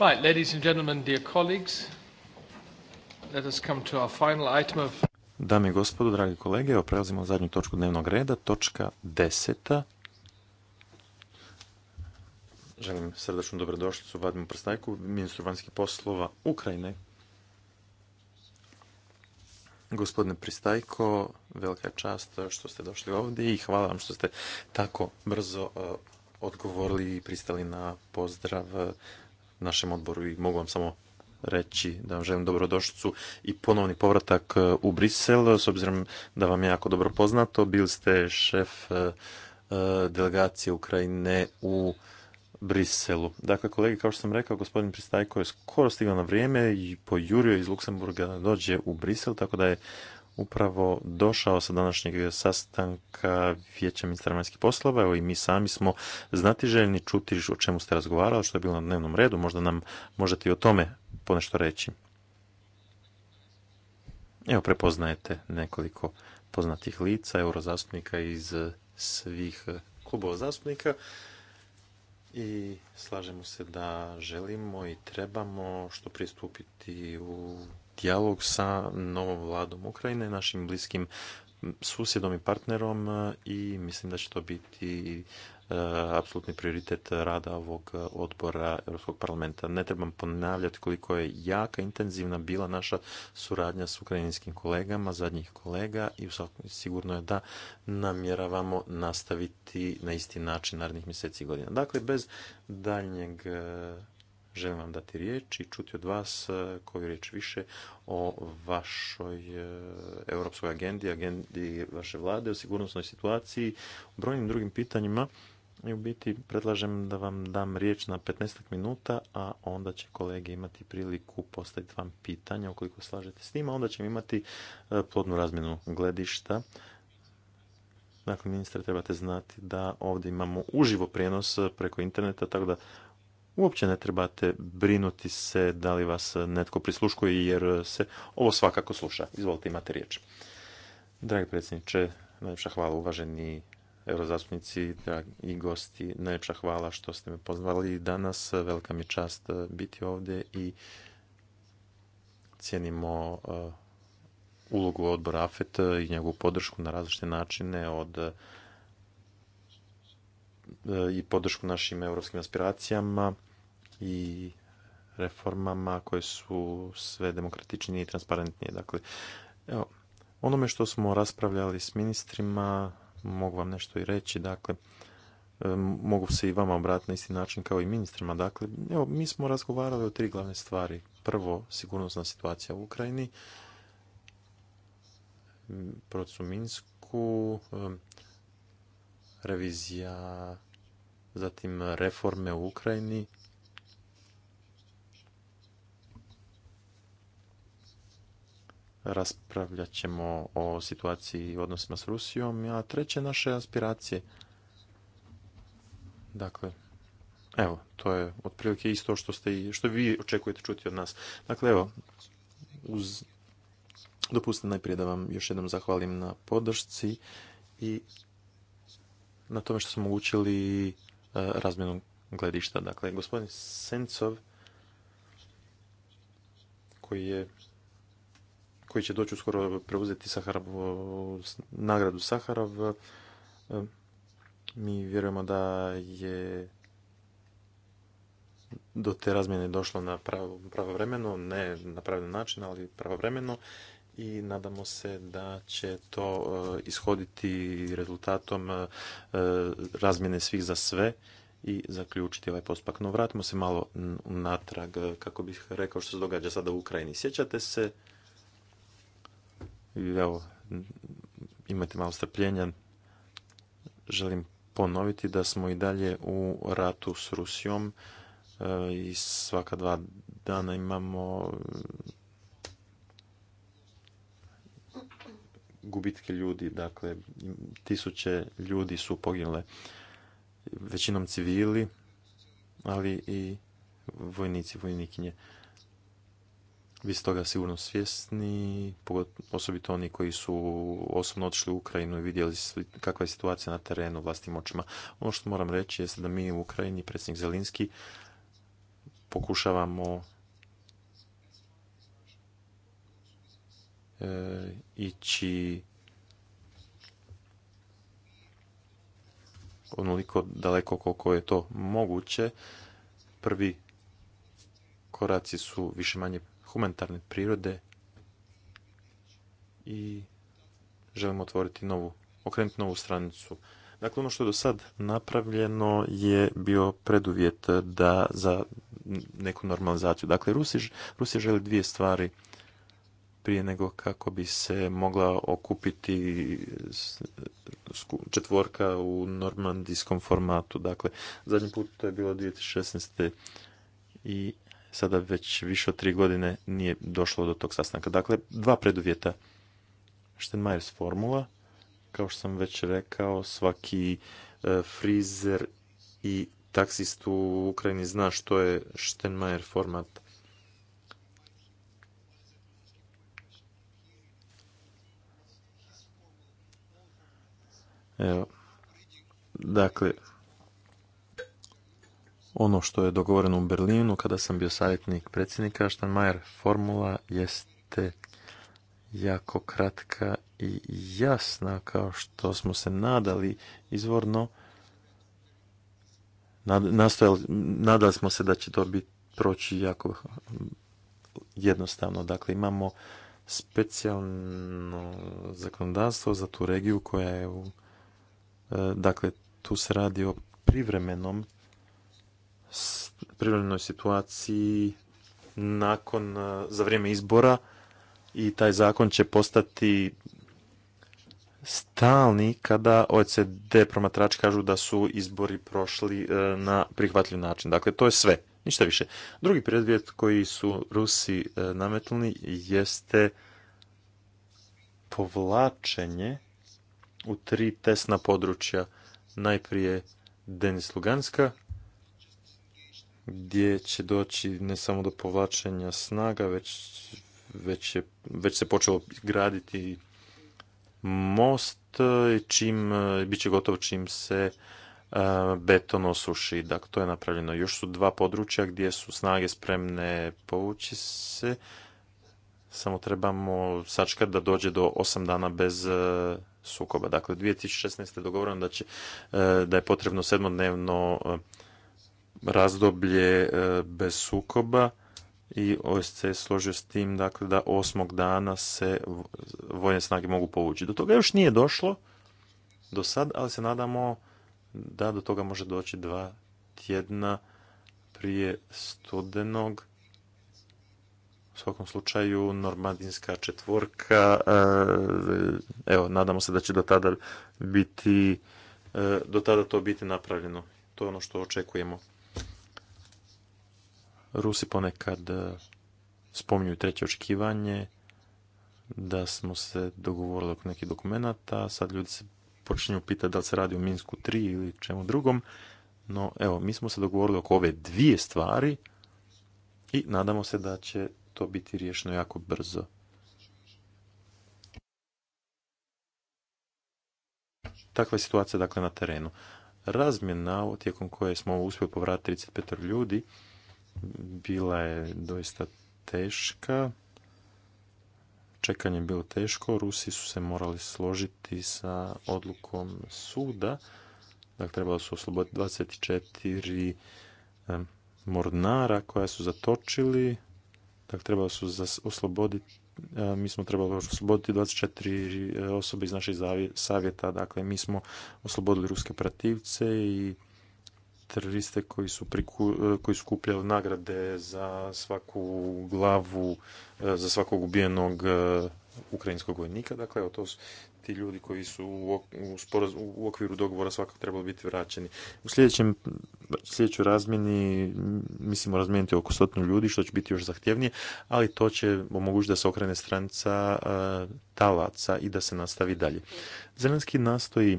Right, ladies and gentlemen, dear colleagues, let us come to our final item of... Dame i gospodo, dragi kolege, evo prelazimo na zadnju točku dnevnog reda, točka deseta. Želim srdečnu dobrodošlicu Vadimu Prstajku, ministru vanjskih poslova Ukrajine. Gospodine Pristajko, velika je čast što ste došli ovdje i hvala vam što ste tako brzo eh, odgovorili i pristali na pozdrav eh, našem odboru i mogu vam samo reći da vam želim dobrodošlicu i ponovni povratak e, u Brisel, s obzirom da vam je jako dobro poznato. Bili ste šef e, e, delegacije Ukrajine u Briselu. Dakle, kolege, kao što sam rekao, gospodin Pristajko je skoro stigao na vrijeme i pojurio iz Luksemburga da dođe u Brisel, tako da je upravo došao sa današnjeg sastanka Vijeća ministra vanjskih poslova. Evo i mi sami smo znatiželjni čuti o čemu ste razgovarali, što je bilo na dnevnom redu. Možda nam možete i o tome ponešto reći. Evo prepoznajete nekoliko poznatih lica, eurozastupnika iz svih klubova zastupnika i slažemo se da želimo i trebamo što pristupiti u dijalog sa novom vladom Ukrajine, našim bliskim susjedom i partnerom e, i mislim da će to biti e, apsolutni prioritet rada ovog e, odbora Europskog parlamenta. Ne trebam ponavljati koliko je jaka, intenzivna bila naša suradnja s ukrajinskim kolegama, zadnjih kolega i sigurno je da namjeravamo nastaviti na isti način narednih mjeseci i godina. Dakle, bez daljnjeg želim vam dati riječ i čuti od vas e, koju riječ više o vašoj e, europskoj agendi, agendi vaše vlade, o sigurnosnoj situaciji, o brojnim drugim pitanjima. I u biti predlažem da vam dam riječ na 15 minuta, a onda će kolege imati priliku postaviti vam pitanja ukoliko slažete s njima, onda ćemo imati e, plodnu razmjenu gledišta. Dakle, ministre, trebate znati da ovdje imamo uživo prijenos preko interneta, tako da uopće ne trebate brinuti se da li vas netko prisluškuje jer se ovo svakako sluša. Izvolite, imate riječ. Dragi predsjedniče, najljepša hvala uvaženi eurozastupnici i gosti. Najljepša hvala što ste me pozvali danas. Velika mi čast eh, biti ovdje i cijenimo eh, ulogu odbora AFET eh, i njegovu podršku na različite načine od E, i podršku našim europskim aspiracijama i reformama koje su sve demokratičnije i transparentnije. Dakle, evo, onome što smo raspravljali s ministrima, mogu vam nešto i reći, dakle, e, mogu se i vama obratiti na isti način kao i ministrima. Dakle, evo, mi smo razgovarali o tri glavne stvari. Prvo, sigurnosna situacija u Ukrajini, procesu Minsku, e, revizija, zatim reforme u Ukrajini. Raspravljat ćemo o situaciji i odnosima s Rusijom, a treće naše aspiracije. Dakle, evo, to je otprilike isto što, ste što vi očekujete čuti od nas. Dakle, evo, uz Dopustite najprije da vam još jednom zahvalim na podršci i na tome što smo učili e, razmjenu gledišta. Dakle, gospodin Sencov, koji je koji će doći uskoro preuzeti Saharovu, nagradu Saharov. E, mi vjerujemo da je do te razmjene došlo na pravo, vremeno, ne na pravi način, ali vremeno, i nadamo se da će to e, ishoditi rezultatom e, razmjene svih za sve i zaključiti ovaj postupak. No vratimo se malo natrag, e, kako bih rekao što se događa sada u Ukrajini. Sjećate se, evo, imate malo strpljenja, želim ponoviti da smo i dalje u ratu s Rusijom i svaka dva dana imamo gubitke ljudi, dakle tisuće ljudi su poginule, većinom civili, ali i vojnici, vojnikinje. Vi ste toga sigurno svjesni, osobito oni koji su osobno otišli u Ukrajinu i vidjeli kakva je situacija na terenu vlastnim očima. Ono što moram reći je da mi u Ukrajini, predsjednik Zelinski, pokušavamo E, ići onoliko daleko koliko je to moguće. Prvi koraci su više manje humanitarne prirode i želimo otvoriti novu, okrenuti novu stranicu. Dakle, ono što je do sad napravljeno je bio preduvjet da za neku normalizaciju. Dakle, Rusi, Rusi želi dvije stvari prije nego kako bi se mogla okupiti četvorka u normandijskom formatu. Dakle, zadnji put to je bilo 2016. i sada već više od tri godine nije došlo do tog sastanka. Dakle, dva preduvjeta. Štenmajers formula, kao što sam već rekao, svaki e, frizer i taksist u Ukrajini zna što je Štenmajer format Evo, dakle, ono što je dogovoreno u Berlinu kada sam bio savjetnik predsjednika Štanmajer, formula jeste jako kratka i jasna kao što smo se nadali izvorno. nadali smo se da će to biti proći jako jednostavno. Dakle, imamo specijalno zakonodavstvo za tu regiju koja je u E, dakle, tu se radi o privremenom privremenoj situaciji nakon e, za vrijeme izbora i taj zakon će postati stalni kada OECD promatrači kažu da su izbori prošli e, na prihvatljiv način. Dakle, to je sve, ništa više. Drugi predvjet koji su Rusi nametnuli jeste povlačenje u tri tesna područja. Najprije Denis Luganska, gdje će doći ne samo do povlačenja snaga, već, već, je, već se počelo graditi most i e, čim, e, bit će gotovo čim se e, beton osuši. Dakle, to je napravljeno. Još su dva područja gdje su snage spremne povući se. Samo trebamo sačkati da dođe do osam dana bez sukoba. Dakle, 2016. dogovoreno da, će, e, da je potrebno sedmodnevno e, razdoblje e, bez sukoba i OSC složio s tim dakle, da osmog dana se vojne snage mogu povući. Do toga još nije došlo do sad, ali se nadamo da do toga može doći dva tjedna prije studenog svakom slučaju normandinska četvorka, e, evo, nadamo se da će do tada biti, e, do tada to biti napravljeno. To je ono što očekujemo. Rusi ponekad e, spominju treće očekivanje, da smo se dogovorili oko nekih dokumenata, sad ljudi se počinju pitati da li se radi o Minsku 3 ili čemu drugom, no evo, mi smo se dogovorili oko ove dvije stvari i nadamo se da će to biti riješeno jako brzo. Takva je situacija dakle na terenu. Razmjena tijekom koje smo uspjeli povratiti 35 ljudi bila je doista teška. Čekanje je bilo teško. Rusi su se morali složiti sa odlukom suda. Dakle, trebalo su osloboditi 24 mornara koja su zatočili Dakle, trebalo su osloboditi e, mi smo trebali osloboditi 24 e, osobe iz naših savjeta. Dakle, mi smo oslobodili ruske prativce i teroriste koji su, e, koji kupljali nagrade za svaku glavu, za svakog ubijenog ukrajinskog vojnika. Dakle, to su ti ljudi koji su u, u okviru dogovora svakako trebali biti vraćeni. U sljedećem, sljedećoj razmjeni mislimo razmijeniti oko stotinu ljudi, što će biti još zahtjevnije, ali to će omogućiti da se okrene stranca talaca i da se nastavi dalje. Zelenski nastoji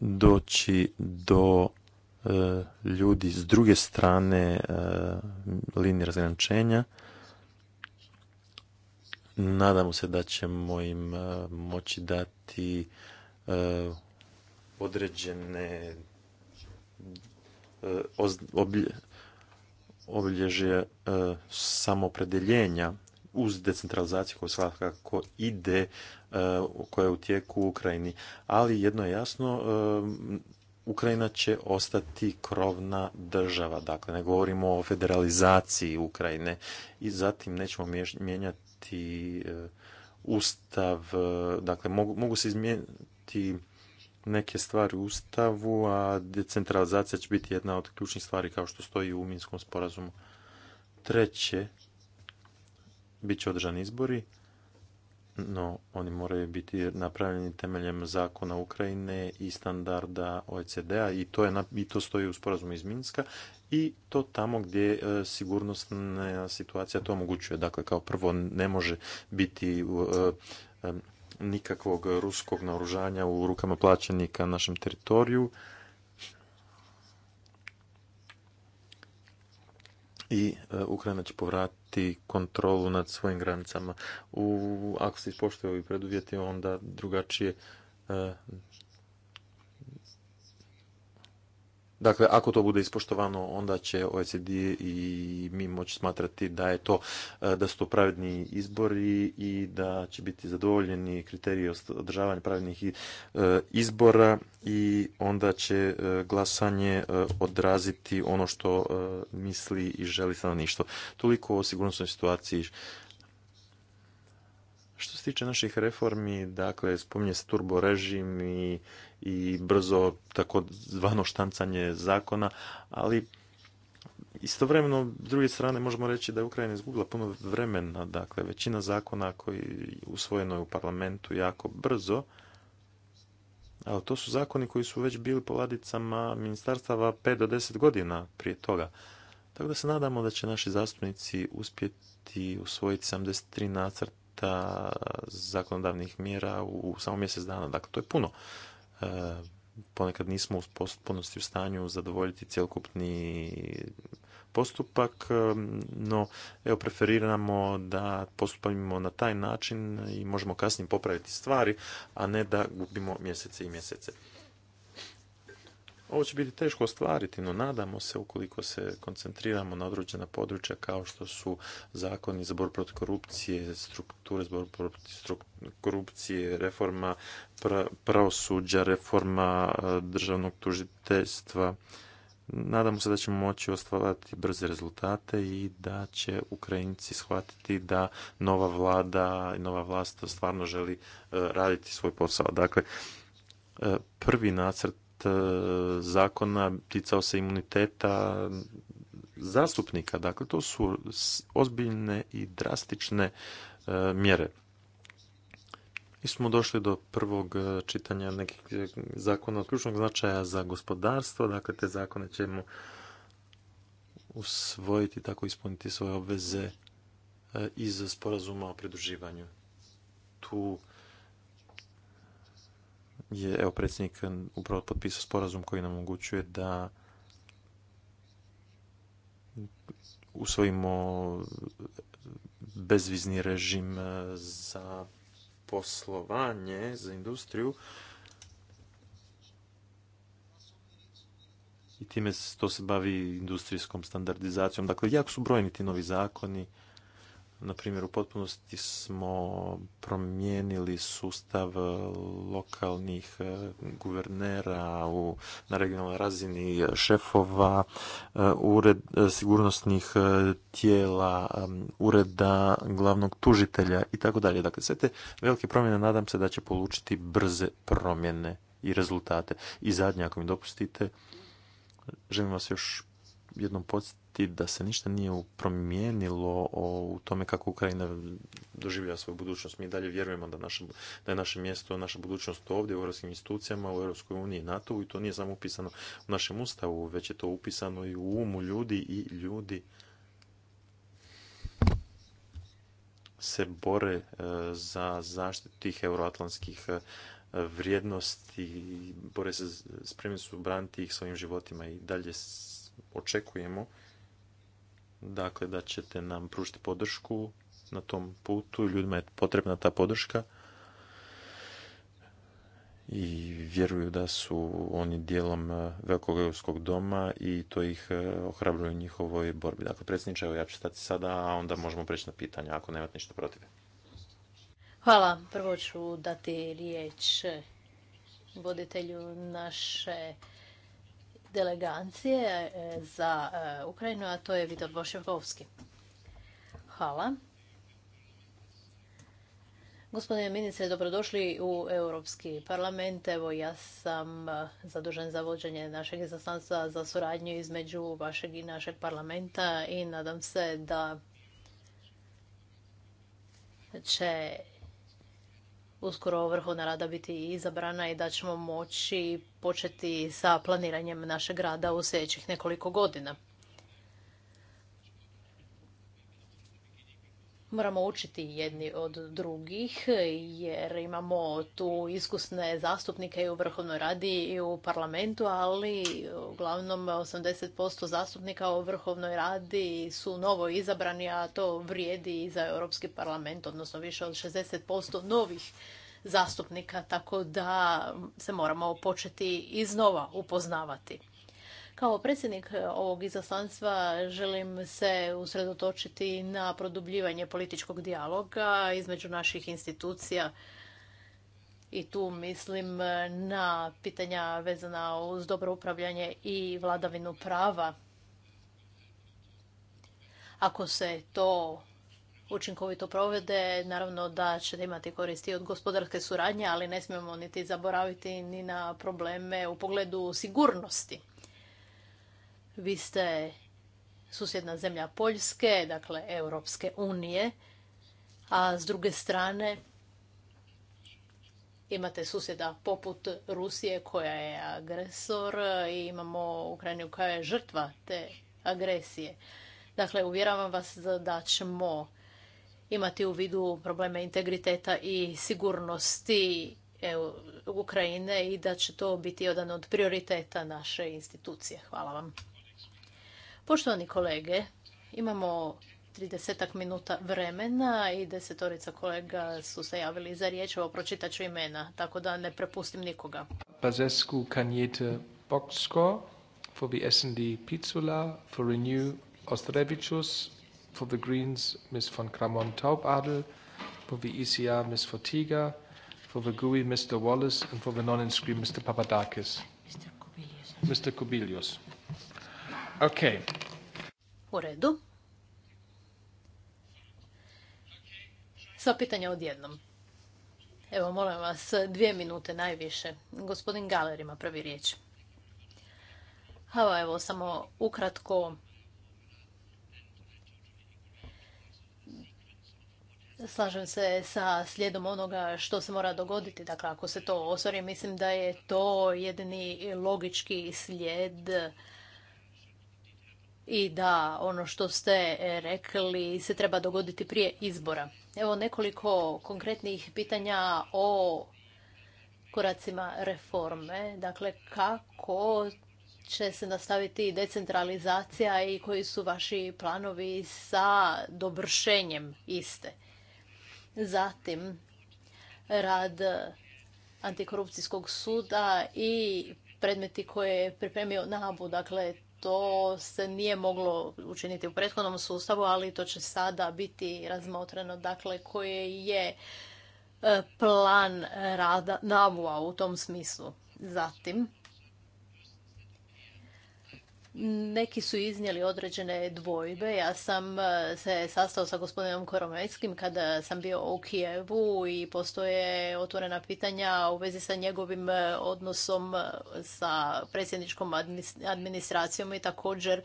doći do e, ljudi s druge strane e, linije razgraničenja, Nadamo se da ćemo im e, moći dati e, određene e, obilježje samopredeljenja uz decentralizaciju koja svakako ide, koja je u tijeku u Ukrajini. Ali jedno je jasno, Ukrajina će ostati krovna država, dakle ne govorimo o federalizaciji Ukrajine i zatim nećemo mijenjati izmijeniti e, ustav, e, dakle mogu, mogu se izmijeniti neke stvari u ustavu, a decentralizacija će biti jedna od ključnih stvari kao što stoji u Minskom sporazumu. Treće, bit će održani izbori no oni moraju biti napravljeni temeljem zakona Ukrajine i standarda OECD-a i to, je, i to stoji u sporazumu iz Minska i to tamo gdje e, sigurnosna situacija to omogućuje. Dakle, kao prvo ne može biti e, e, nikakvog ruskog naoružanja u rukama plaćenika na našem teritoriju, i e, Ukrajina će povratiti kontrolu nad svojim granicama. U, ako se ispoštuju ovi preduvjeti, onda drugačije e, Dakle, ako to bude ispoštovano, onda će OECD i mi moći smatrati da je to, e, da su to pravedni izbori i da će biti zadovoljeni kriteriji održavanja pravednih e, izbora i onda će e, glasanje odraziti ono što misli i želi stanovništvo. Toliko o sigurnosnoj situaciji što se tiče naših reformi, dakle, spominje se turbo režim i i brzo zvano štancanje zakona, ali istovremeno s druge strane možemo reći da je Ukrajina izgubila puno vremena, dakle većina zakona koji usvojeno je u parlamentu jako brzo, ali to su zakoni koji su već bili po ladicama ministarstava 5 do 10 godina prije toga. Tako da se nadamo da će naši zastupnici uspjeti usvojiti 73 nacrta zakonodavnih mjera u samo mjesec dana. Dakle, to je puno ponekad nismo u potpunosti u stanju zadovoljiti cjelokupni postupak, no evo preferiramo da postupamo na taj način i možemo kasnije popraviti stvari, a ne da gubimo mjesece i mjesece. Ovo će biti teško ostvariti, no nadamo se ukoliko se koncentriramo na određena područja kao što su zakoni za borbu protiv korupcije, strukture za protiv korupcije, reforma pravosuđa, reforma e, državnog tužiteljstva. Nadamo se da ćemo moći ostvarati brze rezultate i da će Ukrajinci shvatiti da nova vlada i nova vlast stvarno želi e, raditi svoj posao. Dakle, e, prvi nacrt E, zakona ticao se imuniteta zastupnika. Dakle, to su ozbiljne i drastične e, mjere. Mi smo došli do prvog e, čitanja nekih zakona od ključnog značaja za gospodarstvo. Dakle, te zakone ćemo usvojiti, tako ispuniti svoje obveze iz sporazuma o pridruživanju. Tu je evo predsjednik upravo potpisao sporazum koji nam omogućuje da usvojimo bezvizni režim e, za poslovanje, za industriju. I time to se bavi industrijskom standardizacijom. Dakle, jako su brojni ti novi zakoni na primjer, u potpunosti smo promijenili sustav lokalnih e, guvernera u, na regionalnoj razini e, šefova, e, ured, sigurnosnih tijela, ureda glavnog tužitelja i tako dalje. Dakle, sve te velike promjene nadam se da će polučiti brze promjene i rezultate. I zadnje, ako mi dopustite, želim vas još jednom podsjetiti da se ništa nije promijenilo u tome kako Ukrajina doživlja svoju budućnost. Mi dalje vjerujemo da, da je naše mjesto, naša budućnost ovdje u europskim institucijama, u Europskoj uniji i nato i to nije samo upisano u našem ustavu, već je to upisano i u umu ljudi i ljudi se bore e, za zaštitu tih euroatlantskih e, vrijednosti, bore se, spremni su braniti ih svojim životima i dalje očekujemo dakle da ćete nam pružiti podršku na tom putu ljudima je potrebna ta podrška i vjeruju da su oni dijelom e, velikog evropskog doma i to ih e, ohrabruje u njihovoj borbi. Dakle, predsjedniče, evo ja ću stati sada, a onda možemo preći na pitanja ako nemate ništa protiv. Hvala. Prvo ću dati riječ voditelju naše delegacije e, za e, Ukrajinu, a to je Vitor Boševkovski. Hvala. Gospodine ministre, dobrodošli u Europski parlament. Evo, ja sam e, zadužen za vođenje našeg izaslanstva za suradnju između vašeg i našeg parlamenta i nadam se da će uskoro vrhovna rada biti izabrana i da ćemo moći početi sa planiranjem našeg rada u sljedećih nekoliko godina. moramo učiti jedni od drugih jer imamo tu iskusne zastupnike i u Vrhovnoj radi i u parlamentu, ali uglavnom 80% zastupnika u Vrhovnoj radi su novo izabrani, a to vrijedi i za Europski parlament, odnosno više od 60% novih zastupnika, tako da se moramo početi iznova upoznavati. Kao predsjednik ovog izaslanstva želim se usredotočiti na produbljivanje političkog dijaloga između naših institucija i tu mislim na pitanja vezana uz dobro upravljanje i vladavinu prava. Ako se to učinkovito provede, naravno da ćete imati koristi od gospodarske suradnje, ali ne smijemo niti zaboraviti ni na probleme u pogledu sigurnosti. Vi ste susjedna zemlja Poljske, dakle Europske unije, a s druge strane imate susjeda poput Rusije koja je agresor i imamo Ukrajinu koja je žrtva te agresije. Dakle, uvjeravam vas da ćemo imati u vidu probleme integriteta i sigurnosti Ukrajine i da će to biti jedan od prioriteta naše institucije. Hvala vam. Poštovani kolege, imamo 30 minuta vremena i desetorica kolega su se javili za riječ, ovo pročitat ću imena, tako da ne prepustim nikoga. Bazescu Kanjete Boksko, for the SND Pizzula, for Renew Ostrevičus, for the Greens Ms. von Kramon Taubadel, for the ECR Ms. Fortiga, for the GUI Mr. Wallace and for the non-inscreen Mr. Papadakis. Mr. Kubilius. Mr. Kubilius ok U redu. Sva pitanja odjednom. Evo, molim vas, dvije minute najviše. Gospodin Galer ima prvi riječ. Hvala, evo, samo ukratko. Slažem se sa slijedom onoga što se mora dogoditi. Dakle, ako se to osvari, mislim da je to jedini logički slijed i da ono što ste e, rekli se treba dogoditi prije izbora. Evo nekoliko konkretnih pitanja o koracima reforme. Dakle, kako će se nastaviti decentralizacija i koji su vaši planovi sa dobršenjem iste. Zatim, rad antikorupcijskog suda i predmeti koje je pripremio NABU, dakle to se nije moglo učiniti u prethodnom sustavu, ali to će sada biti razmotreno. Dakle, koji je e, plan rada NAVUA u tom smislu. Zatim, neki su iznijeli određene dvojbe. Ja sam e, se sastao sa gospodinom Koromeckim kada sam bio u Kijevu i postoje otvorena pitanja u vezi sa njegovim e, odnosom e, sa predsjedničkom administracijom i također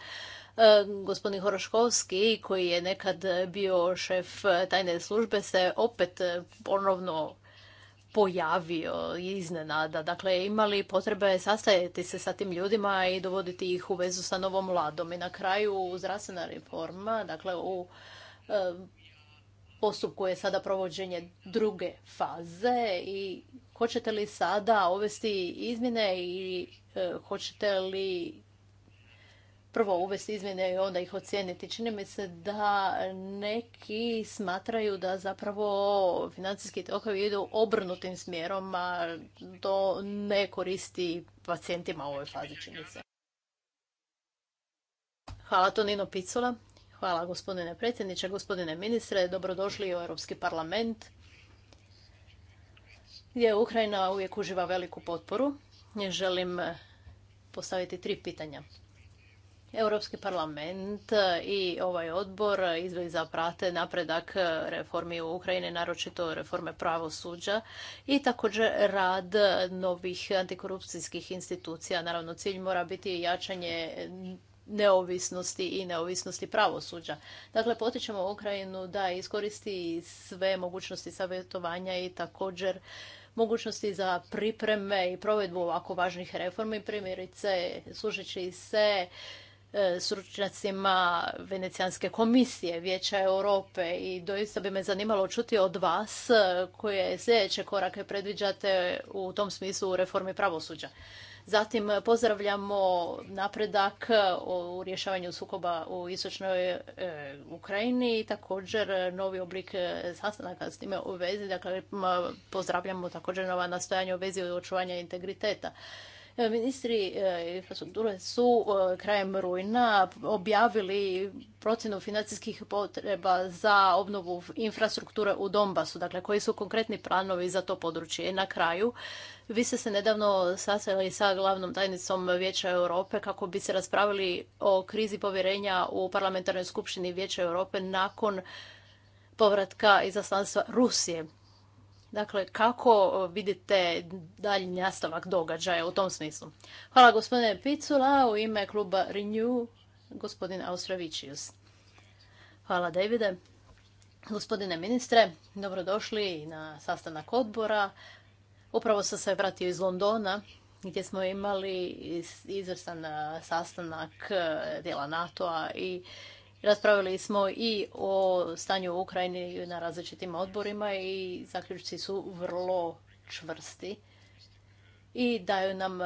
gospodin Horoškovski koji je nekad bio šef tajne službe se opet ponovno pojavio iznenada. Dakle, imali potrebe sastajati se sa tim ljudima i dovoditi ih u vezu sa novom vladom. I na kraju zdravstvena reforma, dakle u e, postupku je sada provođenje druge faze i hoćete li sada ovesti izmjene i e, hoćete li prvo uvesti izmjene i onda ih ocijeniti. Čini mi se da neki smatraju da zapravo financijski tokovi idu obrnutim smjerom, a to ne koristi pacijentima u ovoj fazi, čini se. Hvala Tonino Picula. Hvala gospodine predsjedniče, gospodine ministre, dobrodošli u Europski parlament gdje Ukrajina uvijek uživa veliku potporu. Želim postaviti tri pitanja. Europski parlament i ovaj odbor za prate napredak reformi u Ukrajini, naročito reforme pravosuđa i također rad novih antikorupcijskih institucija. Naravno, cilj mora biti jačanje neovisnosti i neovisnosti pravosuđa. Dakle, potičemo Ukrajinu da iskoristi sve mogućnosti savjetovanja i također mogućnosti za pripreme i provedbu ovako važnih reformi, primjerice služeći se E, stručnjacima Venecijanske komisije Vijeća Europe i doista bi me zanimalo čuti od vas e, koje sljedeće korake predviđate u tom smislu u reformi pravosuđa. Zatim e, pozdravljamo napredak u rješavanju sukoba u istočnoj Ukrajini i također novi oblik sastanaka s time u vezi. Dakle, pozdravljamo također nova nastojanja u vezi očuvanja integriteta. E, ministri e, infrastrukture su e, krajem rujna objavili procjenu financijskih potreba za obnovu infrastrukture u Donbasu, dakle koji su konkretni planovi za to područje. na kraju, vi ste se nedavno sastali sa glavnom tajnicom Vijeća Europe kako bi se raspravili o krizi povjerenja u parlamentarnoj skupštini Vijeća Europe nakon povratka izaslanstva Rusije. Dakle, kako vidite dalji nastavak događaja u tom smislu? Hvala gospodine Picula. U ime kluba Renew, gospodin Austravičius. Hvala Davide. Gospodine ministre, dobrodošli na sastanak odbora. Upravo sam se vratio iz Londona gdje smo imali izvrstan sastanak e, dijela NATO-a i Raspravili smo i o stanju u Ukrajini na različitim odborima i zaključci su vrlo čvrsti i daju nam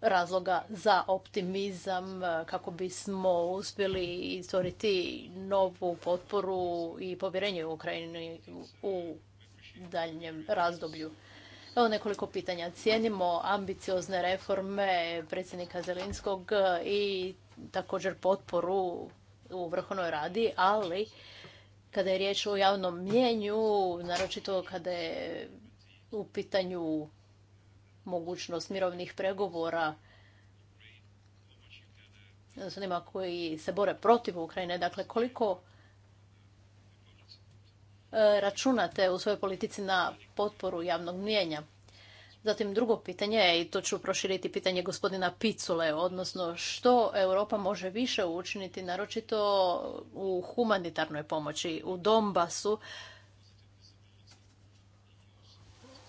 razloga za optimizam kako bismo uspjeli stvoriti novu potporu i povjerenje u Ukrajini u daljnjem razdoblju. Evo nekoliko pitanja. Cijenimo ambiciozne reforme predsjednika Zelinskog i također potporu u vrhovnoj radi, ali kada je riječ o javnom mjenju, naročito kada je u pitanju mogućnost mirovnih pregovora s onima koji se bore protiv Ukrajine, dakle koliko e, računate u svojoj politici na potporu javnog mjenja? Zatim drugo pitanje, i to ću proširiti pitanje gospodina Picule, odnosno što Europa može više učiniti, naročito u humanitarnoj pomoći, u Donbasu,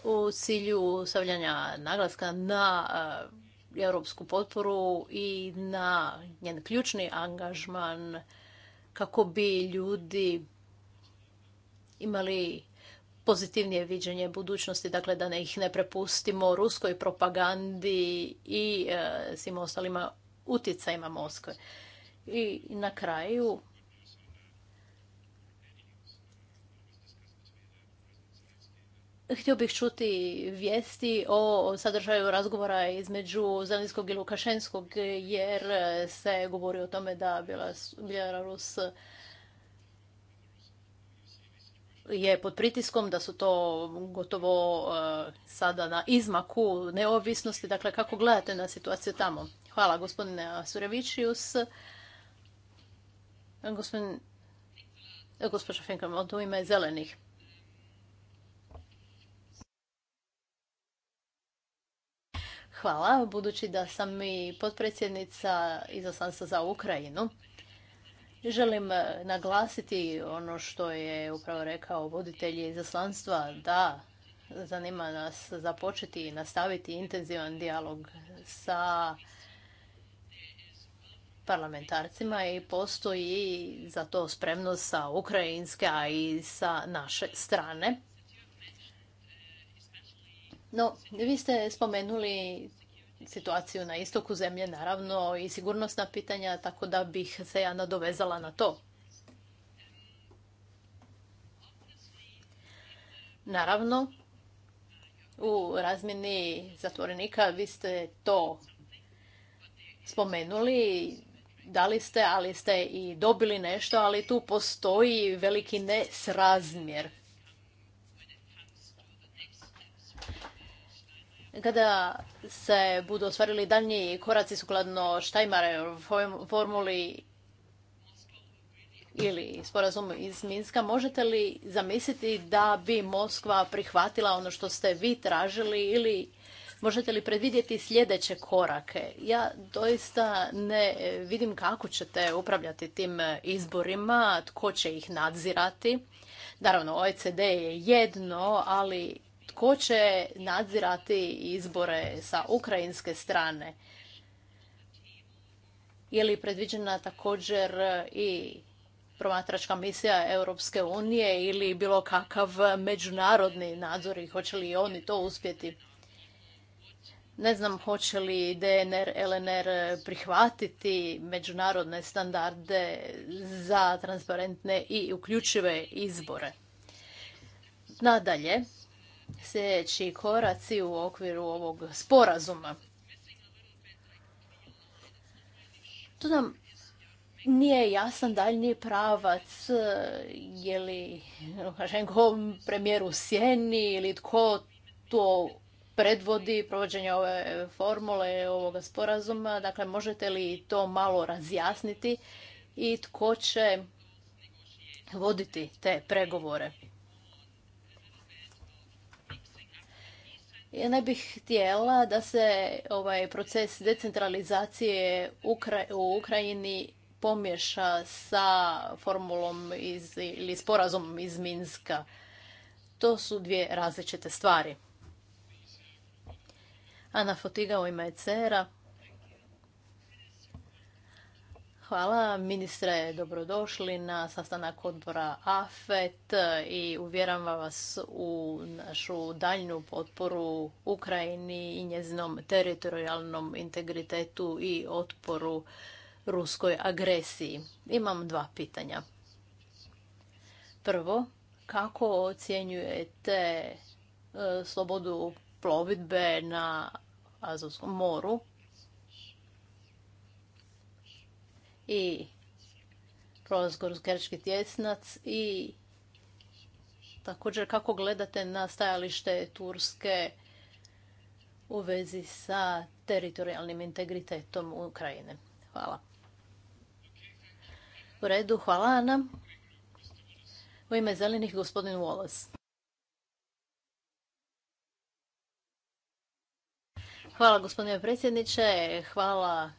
u cilju stavljanja naglaska na e, europsku potporu i na njen ključni angažman kako bi ljudi imali pozitivnije viđenje budućnosti, dakle da ne ih ne prepustimo ruskoj propagandi i e, svim ostalima utjecajima Moskve. I na kraju Htio bih čuti vijesti o sadržaju razgovora između Zelenskog i Lukašenskog, jer se govori o tome da Bjelarus je pod pritiskom, da su to gotovo e, sada na izmaku neovisnosti. Dakle, kako gledate na situaciju tamo? Hvala, gospodine Surevičius. Gospodin, e, gospođa Finkram, od u ime zelenih. Hvala, budući da sam i potpredsjednica izaslanstva za Ukrajinu. Želim e, naglasiti ono što je upravo rekao voditelj izaslanstva, da zanima nas započeti i nastaviti intenzivan dijalog sa parlamentarcima i postoji za to spremnost sa ukrajinske, a i sa naše strane. No, vi ste spomenuli situaciju na istoku zemlje, naravno i sigurnosna pitanja, tako da bih se ja nadovezala na to. Naravno, u razmjeni zatvorenika vi ste to spomenuli, dali ste, ali ste i dobili nešto, ali tu postoji veliki nesrazmjer. Kada se budu ostvarili daljnji koraci sukladno Štajmarevoj formuli ili sporazum iz Minska, možete li zamisliti da bi Moskva prihvatila ono što ste vi tražili ili možete li predvidjeti sljedeće korake? Ja doista ne vidim kako ćete upravljati tim izborima, tko će ih nadzirati. Naravno, OECD je jedno, ali tko će nadzirati izbore sa ukrajinske strane? Je li predviđena također i promatračka misija Europske unije ili bilo kakav međunarodni nadzor i hoće li oni to uspjeti? Ne znam hoće li DNR, LNR prihvatiti međunarodne standarde za transparentne i uključive izbore. Nadalje, sljedeći koraci u okviru ovog sporazuma. Tu nam nije jasan daljnji pravac, je li Lukašenko premijer u sjeni ili tko to predvodi provođenje ove formule ovoga sporazuma. Dakle, možete li to malo razjasniti i tko će voditi te pregovore? Ja ne bih htjela da se ovaj proces decentralizacije u Ukrajini pomješa sa formulom iz, ili sporazumom iz Minska. To su dvije različite stvari. Ana Fotiga u ime cera. Hvala ministre, dobrodošli na sastanak odbora AFET i uvjeram vas u našu daljnu potporu Ukrajini i njezinom teritorijalnom integritetu i otporu ruskoj agresiji. Imam dva pitanja. Prvo, kako ocjenjujete e, slobodu plovidbe na Azovskom moru i prolaz kerčki tjesnac i također kako gledate na stajalište Turske u vezi sa teritorijalnim integritetom Ukrajine. Hvala. U redu, hvala Ana. U ime zelenih gospodin Wallace. Hvala gospodine predsjedniče, hvala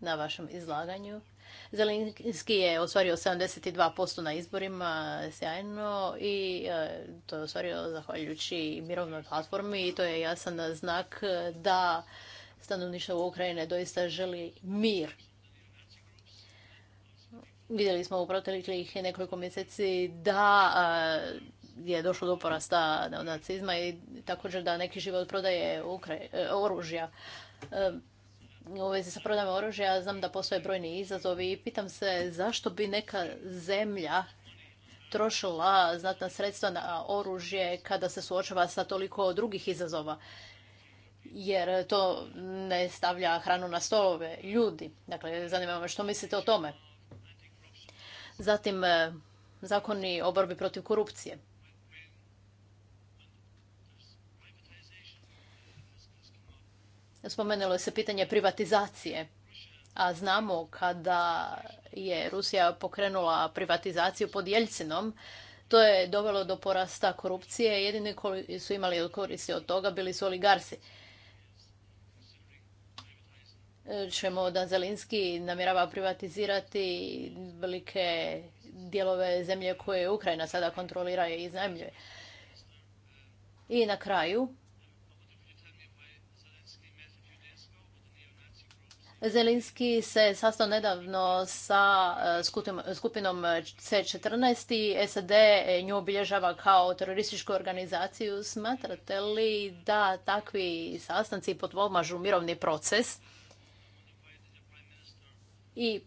na vašem izlaganju. Zelinski je osvario 72% na izborima, sjajno, i e, to je osvario zahvaljujući mirovnoj platformi i to je jasan znak da stanovništvo Ukrajine doista želi mir. Vidjeli smo u proteklih nekoliko mjeseci da e, je došlo do porasta nacizma i također da neki život prodaje e, oružja u vezi sa prodajom oružja znam da postoje brojni izazovi i pitam se zašto bi neka zemlja trošila znatna sredstva na oružje kada se suočava sa toliko drugih izazova jer to ne stavlja hranu na stolove ljudi. Dakle, zanima me što mislite o tome. Zatim, eh, zakoni o borbi protiv korupcije. Spomenulo se pitanje privatizacije. A znamo kada je Rusija pokrenula privatizaciju pod Jeljcinom, to je dovelo do porasta korupcije. Jedini koji su imali koristi od toga bili su oligarsi. Čemo da Zelinski namjerava privatizirati velike dijelove zemlje koje Ukrajina sada kontrolira i zemlje I na kraju, Zelinski se sastao nedavno sa e, skupinom C14 i SAD nju obilježava kao terorističku organizaciju. Smatrate li da takvi sastanci potvomažu mirovni proces? I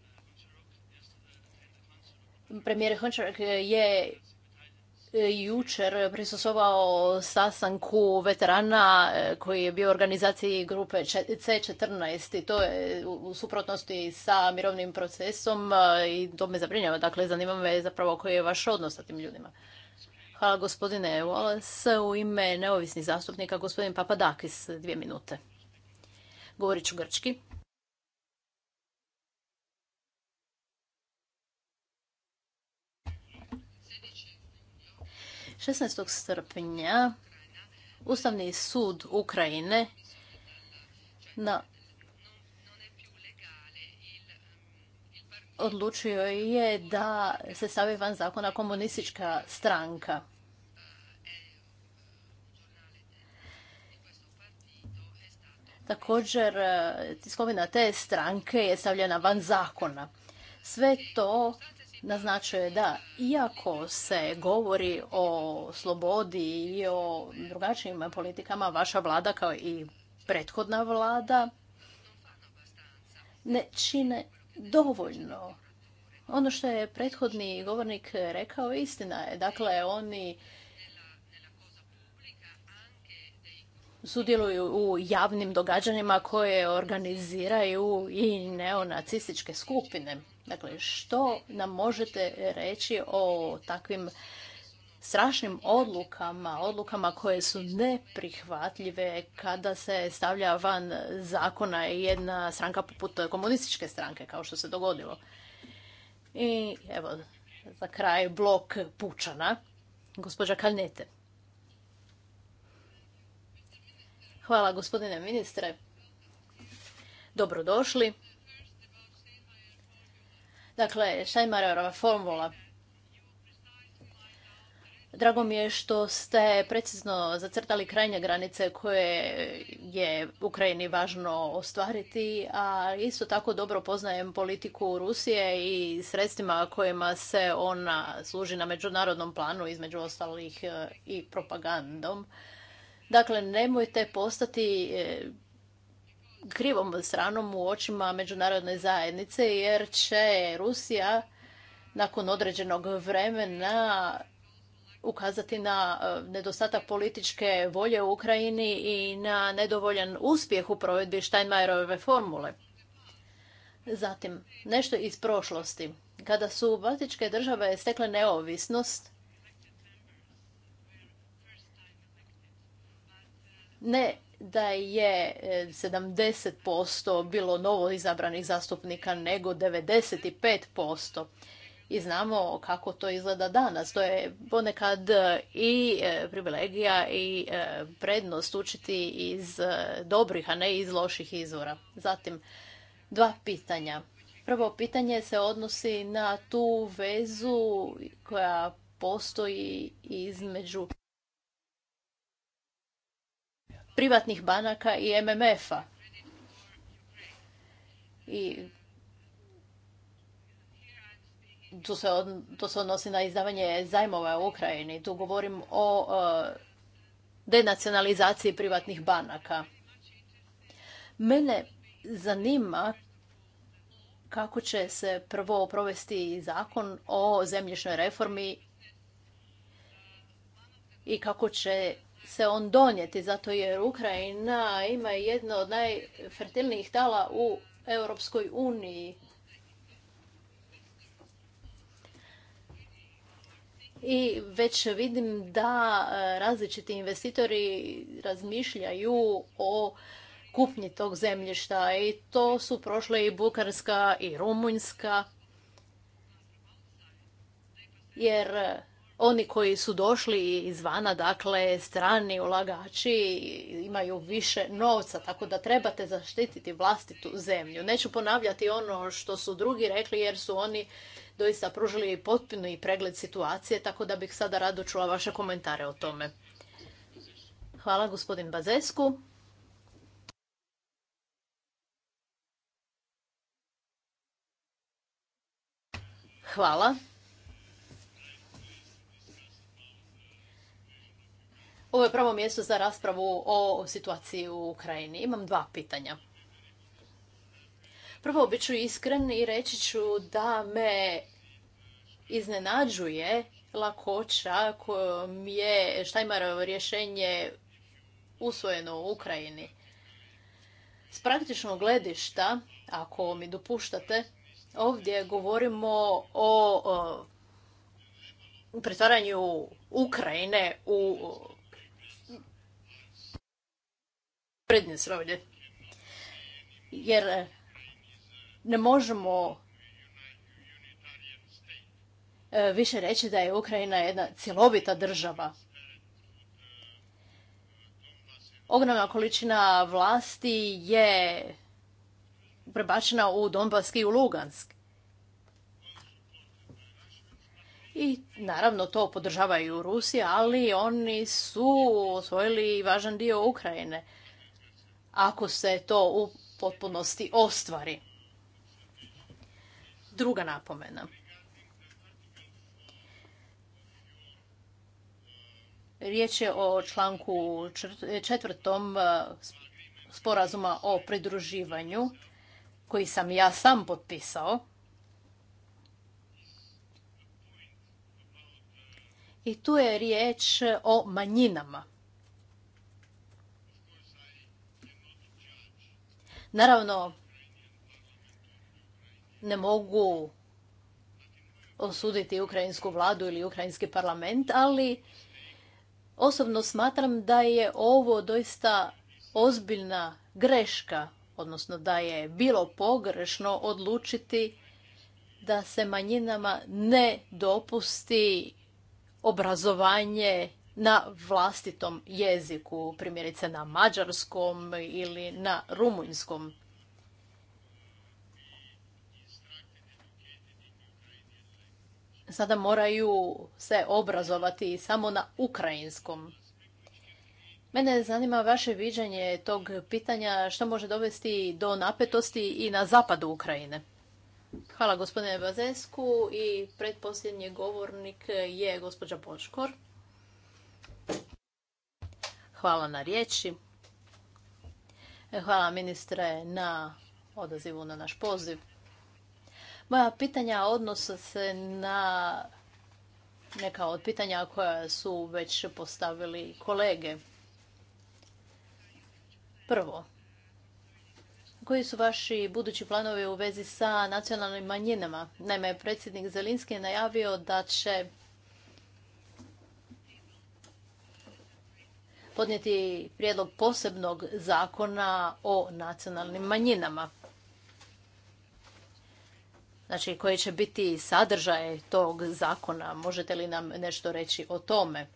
premijer Hunčarak je E, jučer prisusovao sastanku veterana e, koji je bio u organizaciji grupe C14 to je u suprotnosti sa mirovnim procesom e, i to me zabrinjava. Dakle, zanima me zapravo koji je vaš odnos sa tim ljudima. Hvala gospodine Wallace. U ime neovisnih zastupnika gospodin Papadakis, dvije minute. Govorit ću grčki. 16. srpnja Ustavni sud Ukrajine na odlučio je da se stavi van zakona komunistička stranka. Također, tiskovina te stranke je stavljena van zakona. Sve to naznačuje da iako se govori o slobodi i o drugačijim politikama, vaša vlada kao i prethodna vlada ne čine dovoljno. Ono što je prethodni govornik rekao istina je. Dakle, oni sudjeluju u javnim događanjima koje organiziraju i neonacističke skupine. Dakle, što nam možete reći o takvim strašnim odlukama, odlukama koje su neprihvatljive kada se stavlja van zakona jedna stranka poput komunističke stranke, kao što se dogodilo. I evo, za kraj blok Pučana, gospođa Kalnete. Hvala gospodine ministre. Dobrodošli. Dakle, Steinmeierova formula. Drago mi je što ste precizno zacrtali krajnje granice koje je Ukrajini važno ostvariti, a isto tako dobro poznajem politiku Rusije i sredstvima kojima se ona služi na međunarodnom planu, između ostalih e, i propagandom. Dakle, nemojte postati e, krivom stranom u očima međunarodne zajednice jer će Rusija nakon određenog vremena ukazati na e, nedostatak političke volje u Ukrajini i na nedovoljan uspjeh u provedbi Steinmeierove formule. Zatim, nešto iz prošlosti. Kada su Baltičke države stekle neovisnost, ne da je 70% e, bilo novo izabranih zastupnika nego 95%. I znamo kako to izgleda danas. To je ponekad e, i e, privilegija i prednost učiti iz dobrih, a ne iz loših izvora. Zatim, dva pitanja. Prvo pitanje se odnosi na tu vezu koja postoji između privatnih banaka i MMF-a. I tu se, to se odnosi na izdavanje zajmova u Ukrajini. Tu govorim o e, denacionalizaciji privatnih banaka. Mene zanima kako će se prvo provesti zakon o zemljišnoj reformi i kako će se on donijeti, zato jer Ukrajina ima jedno od najfertilnijih tala u Europskoj uniji. I već vidim da e, različiti investitori razmišljaju o kupnji tog zemljišta i to su prošle i Bukarska i Rumunjska. Jer oni koji su došli izvana, dakle strani ulagači imaju više novca, tako da trebate zaštititi vlastitu zemlju. Neću ponavljati ono što su drugi rekli jer su oni doista pružili potpuno i pregled situacije, tako da bih sada rado čula vaše komentare o tome. Hvala gospodin Bazesku. Hvala. Ovo je pravo mjesto za raspravu o situaciji u Ukrajini. Imam dva pitanja. Prvo, bit ću iskren i reći ću da me iznenađuje lakoća kojom je Štajmarovo rješenje usvojeno u Ukrajini. S praktičnog gledišta, ako mi dopuštate, ovdje govorimo o, o pretvaranju Ukrajine u srovlje, Jer eh, ne možemo eh, više reći da je Ukrajina jedna cjelovita država. Ogromna količina vlasti je prebačena u Donbass i u Lugansk. I naravno to podržavaju Rusija, ali oni su osvojili važan dio Ukrajine ako se to u potpunosti ostvari. Druga napomena. Riječ je o članku četvrtom e, sporazuma o pridruživanju koji sam ja sam potpisao. I tu je riječ o manjinama. Naravno, ne mogu osuditi ukrajinsku vladu ili ukrajinski parlament, ali osobno smatram da je ovo doista ozbiljna greška, odnosno da je bilo pogrešno odlučiti da se manjinama ne dopusti obrazovanje na vlastitom jeziku, primjerice na mađarskom ili na rumunjskom. Sada moraju se obrazovati samo na ukrajinskom. Mene zanima vaše viđenje tog pitanja što može dovesti do napetosti i na zapadu Ukrajine. Hvala gospodine Bazesku i predposljednji govornik je gospođa Boškor. Hvala na riječi. E, hvala ministre na odazivu na naš poziv. Moja pitanja odnose se na neka od pitanja koja su već postavili kolege. Prvo, koji su vaši budući planovi u vezi sa nacionalnim manjinama? Naime, predsjednik Zelinski je najavio da će podnijeti prijedlog posebnog zakona o nacionalnim manjinama. Znači, koji će biti sadržaj tog zakona? Možete li nam nešto reći o tome?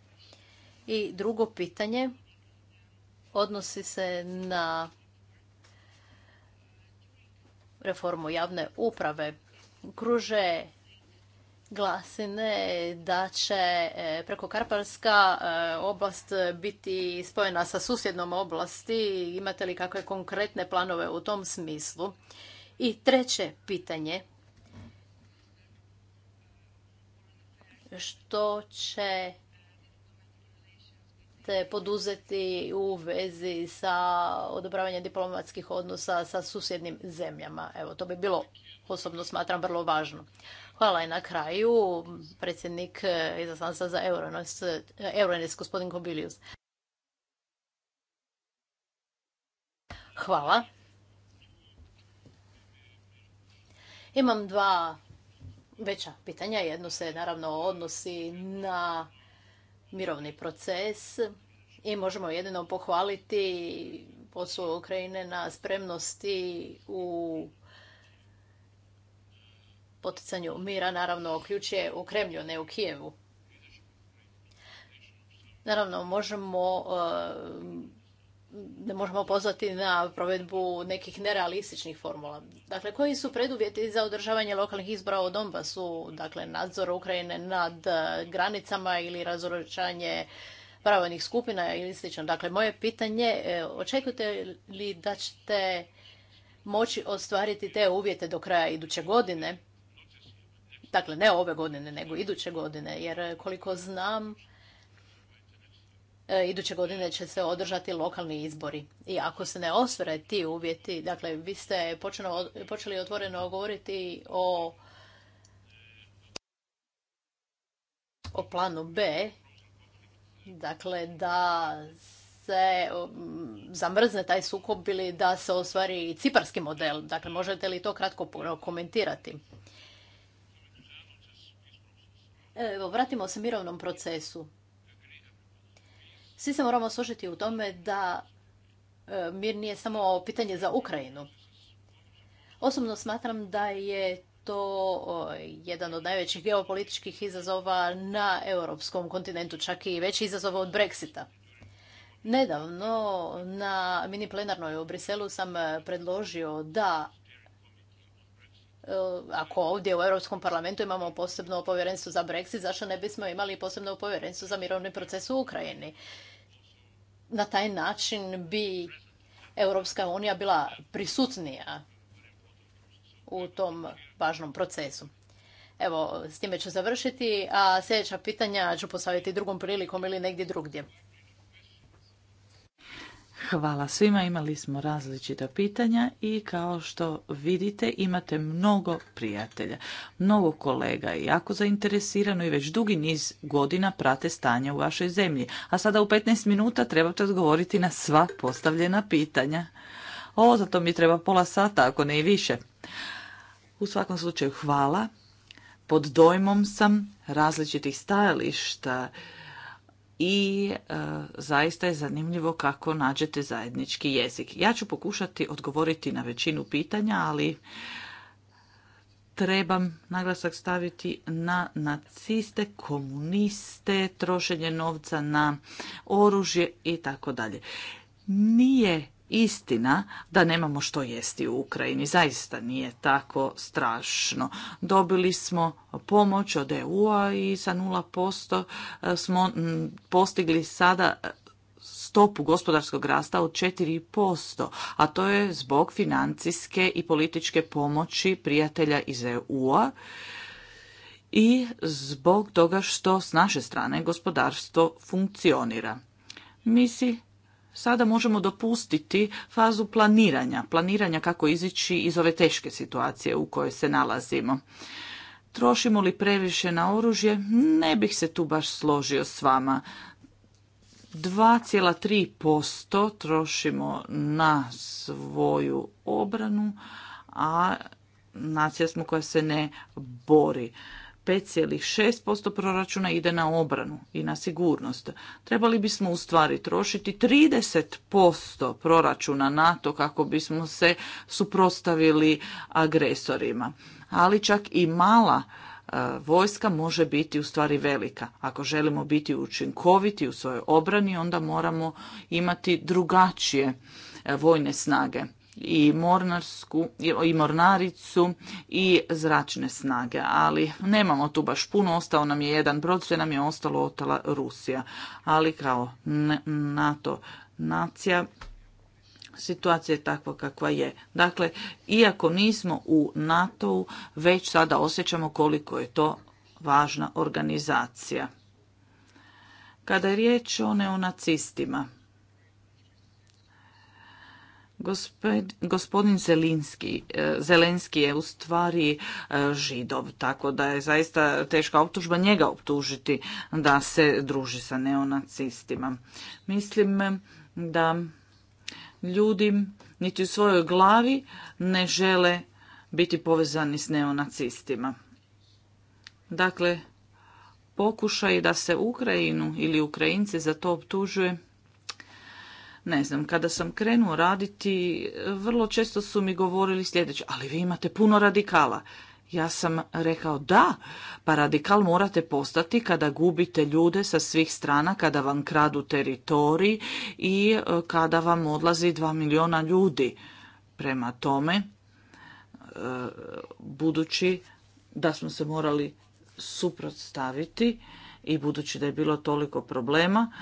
I drugo pitanje odnosi se na reformu javne uprave. Kruže glasine da će e, preko Karpalska e, oblast biti spojena sa susjednom oblasti. Imate li kakve konkretne planove u tom smislu? I treće pitanje. Što će te poduzeti u vezi sa odobravanjem diplomatskih odnosa sa susjednim zemljama? Evo, to bi bilo osobno smatram vrlo važno. Hvala i na kraju predsjednik e, izaslanstva za e, Euronest, gospodin Kobilius. Hvala. Imam dva veća pitanja. Jedno se naravno odnosi na mirovni proces i možemo jedino pohvaliti poslu Ukrajine na spremnosti u poticanju mira naravno uključuje u Kremlju, ne u Kijevu. Naravno, možemo eh, ne možemo pozvati na provedbu nekih nerealističnih formula. Dakle, koji su preduvjeti za održavanje lokalnih izbora u Donbasu? Dakle, nadzor Ukrajine nad eh, granicama ili razoručanje pravojnih skupina ili Dakle, moje pitanje, eh, očekujete li da ćete moći ostvariti te uvjete do kraja iduće godine? Dakle, ne ove godine, nego iduće godine, jer e, koliko znam, e, iduće godine će se održati lokalni izbori. I ako se ne ostvare ti uvjeti, dakle, vi ste počeli otvoreno govoriti o o planu B, dakle, da se mm, zamrzne taj sukob ili da se ostvari ciparski model. Dakle, možete li to kratko komentirati? Evo, vratimo se mirovnom procesu. Svi se moramo složiti u tome da e, mir nije samo pitanje za Ukrajinu. Osobno smatram da je to jedan od najvećih geopolitičkih izazova na europskom kontinentu, čak i veći izazov od Brexita. Nedavno na mini plenarnoj u Briselu sam predložio da Eh, ako ovdje u Europskom parlamentu imamo posebno povjerenstvo za Brexit, zašto ne bismo imali posebno povjerenstvo za mirovni proces u Ukrajini? Na taj način bi Europska unija bila prisutnija u tom važnom procesu. Evo, s time ću završiti, a sljedeća pitanja ću postaviti drugom prilikom ili negdje drugdje. Hvala svima, imali smo različita pitanja i kao što vidite imate mnogo prijatelja, mnogo kolega i jako zainteresirano i već dugi niz godina prate stanje u vašoj zemlji. A sada u 15 minuta trebate odgovoriti na sva postavljena pitanja. O, zato mi treba pola sata, ako ne i više. U svakom slučaju hvala. Pod dojmom sam različitih stajališta i e, zaista je zanimljivo kako nađete zajednički jezik. Ja ću pokušati odgovoriti na većinu pitanja, ali trebam naglasak staviti na naciste, komuniste, trošenje novca na oružje i tako dalje. Nije istina da nemamo što jesti u Ukrajini. Zaista nije tako strašno. Dobili smo pomoć od EU-a i sa 0% eh, smo mm, postigli sada eh, stopu gospodarskog rasta od 4%, a to je zbog financijske i političke pomoći prijatelja iz EU-a i zbog toga što s naše strane gospodarstvo funkcionira. Mi si sada možemo dopustiti fazu planiranja, planiranja kako izići iz ove teške situacije u kojoj se nalazimo. Trošimo li previše na oružje? Ne bih se tu baš složio s vama. 2,3% trošimo na svoju obranu, a nacija smo koja se ne bori. 5,6% proračuna ide na obranu i na sigurnost. Trebali bismo u stvari trošiti 30% proračuna NATO kako bismo se suprotstavili agresorima. Ali čak i mala e, vojska može biti u stvari velika. Ako želimo biti učinkoviti u svojoj obrani, onda moramo imati drugačije e, vojne snage i mornarsku i mornaricu i zračne snage, ali nemamo tu baš puno, ostao nam je jedan brod, sve nam je ostalo otala Rusija. Ali kao NATO nacija situacija je takva kakva je. Dakle, iako nismo u NATO-u, već sada osjećamo koliko je to važna organizacija. Kada je riječ o neonacistima, gospodin Zelinski, eh, Zelenski je u stvari eh, židov, tako da je zaista teška optužba njega optužiti da se druži sa neonacistima. Mislim eh, da ljudi niti u svojoj glavi ne žele biti povezani s neonacistima. Dakle, pokušaj da se Ukrajinu ili Ukrajince za to optužuje ne znam, kada sam krenuo raditi, vrlo često su mi govorili sljedeće, ali vi imate puno radikala. Ja sam rekao da, pa radikal morate postati kada gubite ljude sa svih strana, kada vam kradu teritorij i e, kada vam odlazi dva miliona ljudi. Prema tome, e, budući da smo se morali suprotstaviti, i budući da je bilo toliko problema,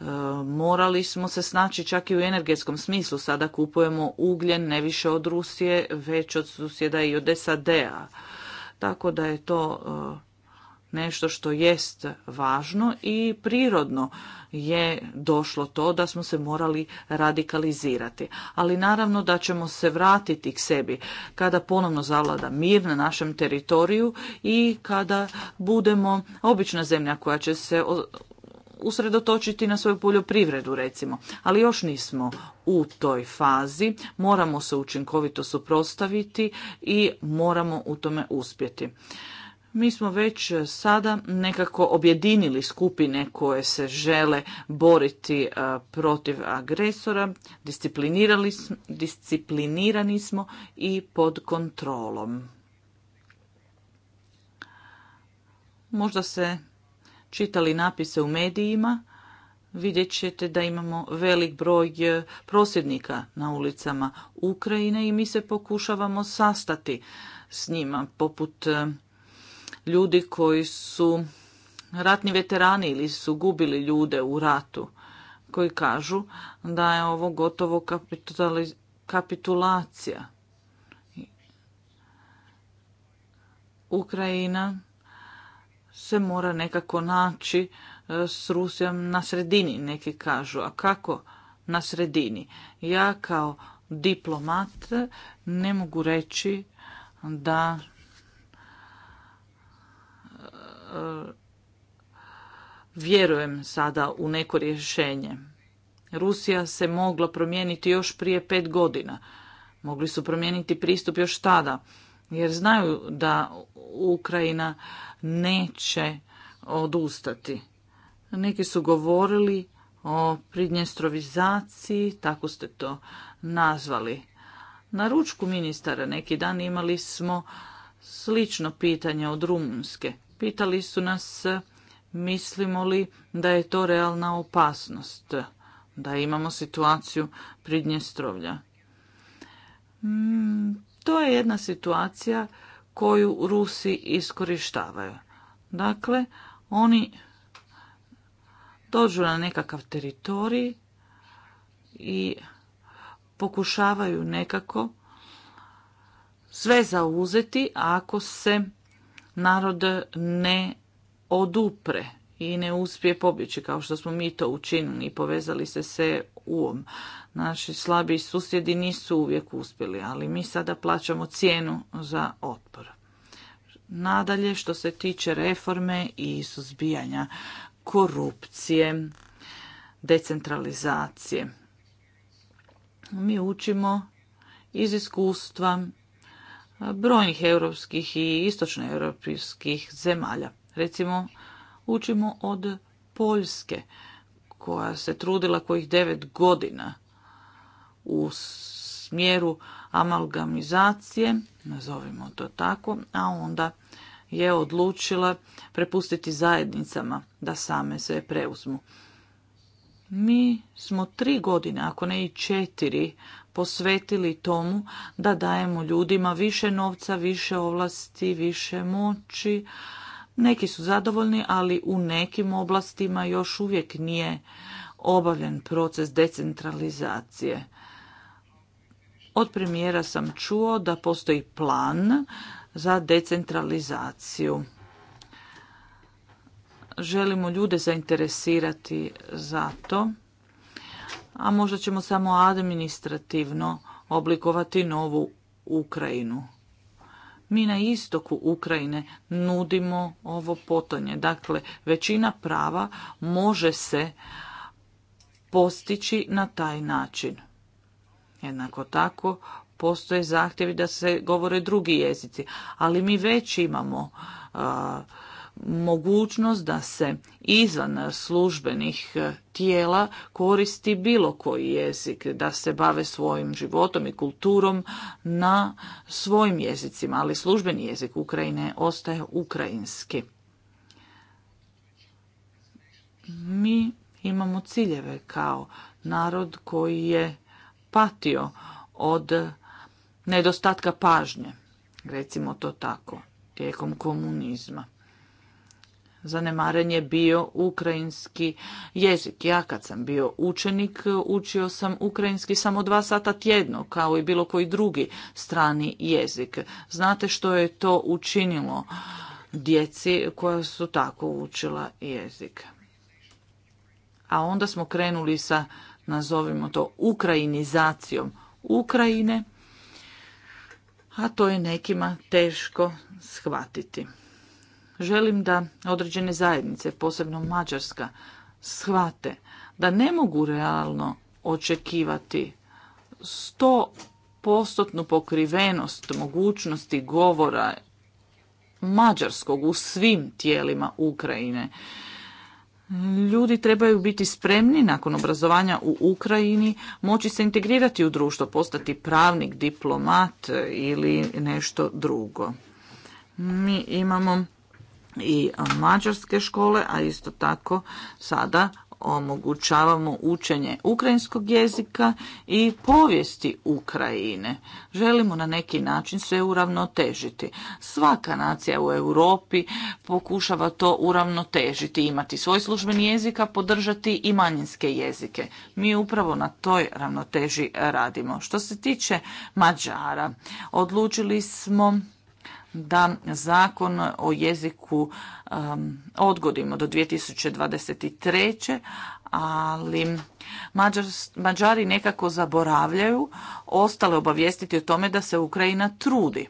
e, morali smo se snaći čak i u energetskom smislu. Sada kupujemo ugljen ne više od Rusije, već od susjeda i od SAD-a. Tako da je to e, nešto što jest važno i prirodno je došlo to da smo se morali radikalizirati. Ali naravno da ćemo se vratiti k sebi kada ponovno zavlada mir na našem teritoriju i kada budemo obična zemlja koja će se usredotočiti na svoju poljoprivredu recimo, ali još nismo u toj fazi, moramo se učinkovito suprostaviti i moramo u tome uspjeti. Mi smo već e, sada nekako objedinili skupine koje se žele boriti e, protiv agresora, disciplinirali, disciplinirani smo i pod kontrolom. Možda se čitali napise u medijima, vidjet ćete da imamo velik broj e, prosjednika na ulicama Ukrajine i mi se pokušavamo sastati s njima poput ljudi koji su ratni veterani ili su gubili ljude u ratu koji kažu da je ovo gotovo kapitulacija. Ukrajina se mora nekako naći e, s Rusijom na sredini, neki kažu. A kako na sredini? Ja kao diplomat ne mogu reći da vjerujem sada u neko rješenje. Rusija se mogla promijeniti još prije pet godina. Mogli su promijeniti pristup još tada, jer znaju da Ukrajina neće odustati. Neki su govorili o pridnjestrovizaciji, tako ste to nazvali. Na ručku ministara neki dan imali smo slično pitanje od Rumunske. Pitali su nas e, mislimo li da je to realna opasnost, da imamo situaciju Pridnjestrovlja. Mm, to je jedna situacija koju Rusi iskorištavaju. Dakle, oni dođu na nekakav teritorij i pokušavaju nekako sve zauzeti ako se narod ne odupre i ne uspije pobjeći kao što smo mi to učinili i povezali se se uom. Naši slabi susjedi nisu uvijek uspjeli, ali mi sada plaćamo cijenu za otpor. Nadalje, što se tiče reforme i suzbijanja korupcije, decentralizacije. Mi učimo iz iskustva brojnih europskih i istočnoeuropskih zemalja. Recimo, učimo od Poljske, koja se trudila kojih devet godina u smjeru amalgamizacije, nazovimo to tako, a onda je odlučila prepustiti zajednicama da same se preuzmu. Mi smo tri godine, ako ne i četiri, posvetili tomu da dajemo ljudima više novca, više ovlasti, više moći. Neki su zadovoljni, ali u nekim oblastima još uvijek nije obavljen proces decentralizacije. Od premijera sam čuo da postoji plan za decentralizaciju. Želimo ljude zainteresirati za to a možda ćemo samo administrativno oblikovati novu Ukrajinu. Mi na istoku Ukrajine nudimo ovo potonje. Dakle, većina prava može se postići na taj način. Jednako tako postoje zahtjevi da se govore drugi jezici, ali mi već imamo mogućnost da se izvan službenih e, tijela koristi bilo koji jezik, da se bave svojim životom i kulturom na svojim jezicima, ali službeni jezik Ukrajine ostaje ukrajinski. Mi imamo ciljeve kao narod koji je patio od nedostatka pažnje, recimo to tako, tijekom komunizma zanemaren je bio ukrajinski jezik. Ja kad sam bio učenik učio sam ukrajinski samo dva sata tjedno kao i bilo koji drugi strani jezik. Znate što je to učinilo djeci koja su tako učila jezik. A onda smo krenuli sa, nazovimo to, ukrajinizacijom Ukrajine, a to je nekima teško shvatiti želim da određene zajednice, posebno Mađarska, shvate da ne mogu realno očekivati 100% pokrivenost mogućnosti govora mađarskog u svim tijelima Ukrajine. Ljudi trebaju biti spremni nakon obrazovanja u Ukrajini, moći se integrirati u društvo, postati pravnik, diplomat ili nešto drugo. Mi imamo i mađarske škole, a isto tako sada omogućavamo učenje ukrajinskog jezika i povijesti Ukrajine. Želimo na neki način sve uravnotežiti. Svaka nacija u Europi pokušava to uravnotežiti, imati svoj službeni jezik, a podržati i manjinske jezike. Mi upravo na toj ravnoteži radimo. Što se tiče Mađara, odlučili smo da zakon o jeziku um, odgodimo do 2023. Ali Mađari nekako zaboravljaju ostale obavijestiti o tome da se Ukrajina trudi.